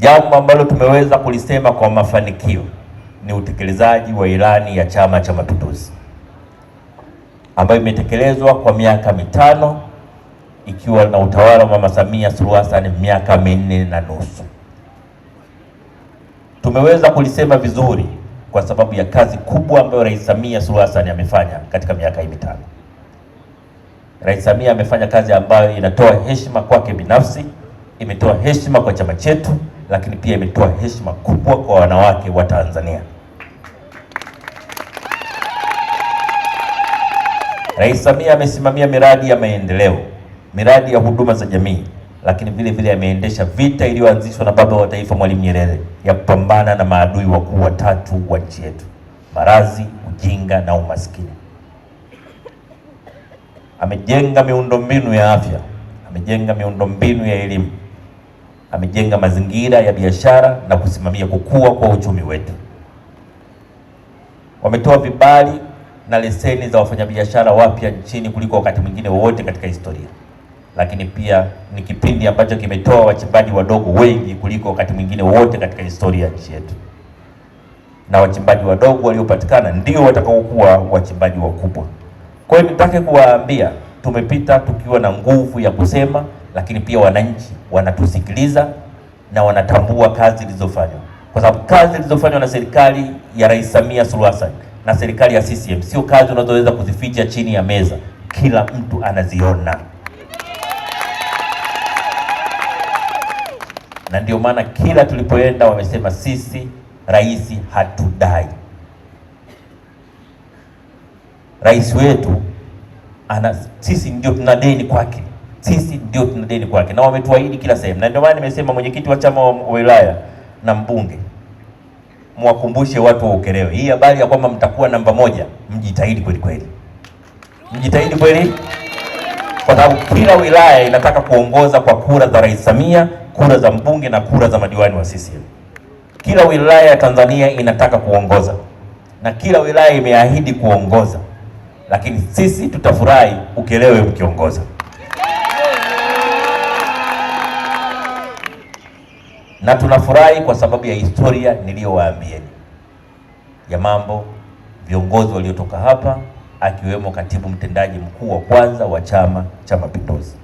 Jambo ambalo tumeweza kulisema kwa mafanikio ni utekelezaji wa ilani ya Chama cha Mapinduzi ambayo imetekelezwa kwa miaka mitano ikiwa na utawala wa Mama Samia Suluhu Hassan miaka minne na nusu. Tumeweza kulisema vizuri kwa sababu ya kazi kubwa ambayo Rais Samia Suluhu Hassan amefanya katika miaka hii mitano. Rais Samia amefanya kazi ambayo inatoa heshima kwake binafsi, imetoa heshima kwa chama chetu lakini pia imetoa heshima kubwa kwa wanawake wa Tanzania. Rais Samia amesimamia miradi ya maendeleo, miradi ya huduma za jamii, lakini vile vile ameendesha vita iliyoanzishwa na baba wa taifa Mwalimu Nyerere ya kupambana na maadui wakuu watatu wa nchi yetu: maradhi, ujinga na umaskini. Amejenga miundombinu ya afya, amejenga miundombinu ya elimu amejenga mazingira ya biashara na kusimamia kukua kwa uchumi wetu. Wametoa vibali na leseni za wafanyabiashara wapya nchini kuliko wakati mwingine wowote katika historia, lakini pia ni kipindi ambacho kimetoa wachimbaji wadogo wengi kuliko wakati mwingine wowote katika historia ya nchi yetu, na wachimbaji wadogo waliopatikana ndio watakaokuwa wachimbaji wakubwa. Kwa hiyo nitake kuwaambia tumepita tukiwa na nguvu ya kusema lakini pia wananchi wanatusikiliza na wanatambua kazi zilizofanywa, kwa sababu kazi zilizofanywa na serikali ya Rais Samia Suluhu Hassan na serikali ya CCM sio kazi unazoweza kuzificha chini ya meza, kila mtu anaziona na ndio maana kila tulipoenda wamesema sisi rais hatudai. Rais wetu ana, sisi ndio tuna deni kwake sisi ndio tuna deni kwake na wametuahidi kila sehemu, na ndio maana nimesema mwenyekiti wa chama wa wilaya na mbunge mwakumbushe watu wa Ukerewe hii habari ya kwamba mtakuwa namba moja. Mjitahidi kweli kweli, mjitahidi kweli, kwa sababu kila wilaya inataka kuongoza kwa kura za Rais Samia, kura za mbunge na kura za madiwani wa CCM. Kila wilaya ya Tanzania inataka kuongoza na kila wilaya imeahidi kuongoza, lakini sisi tutafurahi Ukerewe mkiongoza. na tunafurahi kwa sababu ya historia niliyowaambieni ya mambo viongozi waliotoka hapa, akiwemo katibu mtendaji mkuu wa kwanza wa Chama cha Mapinduzi.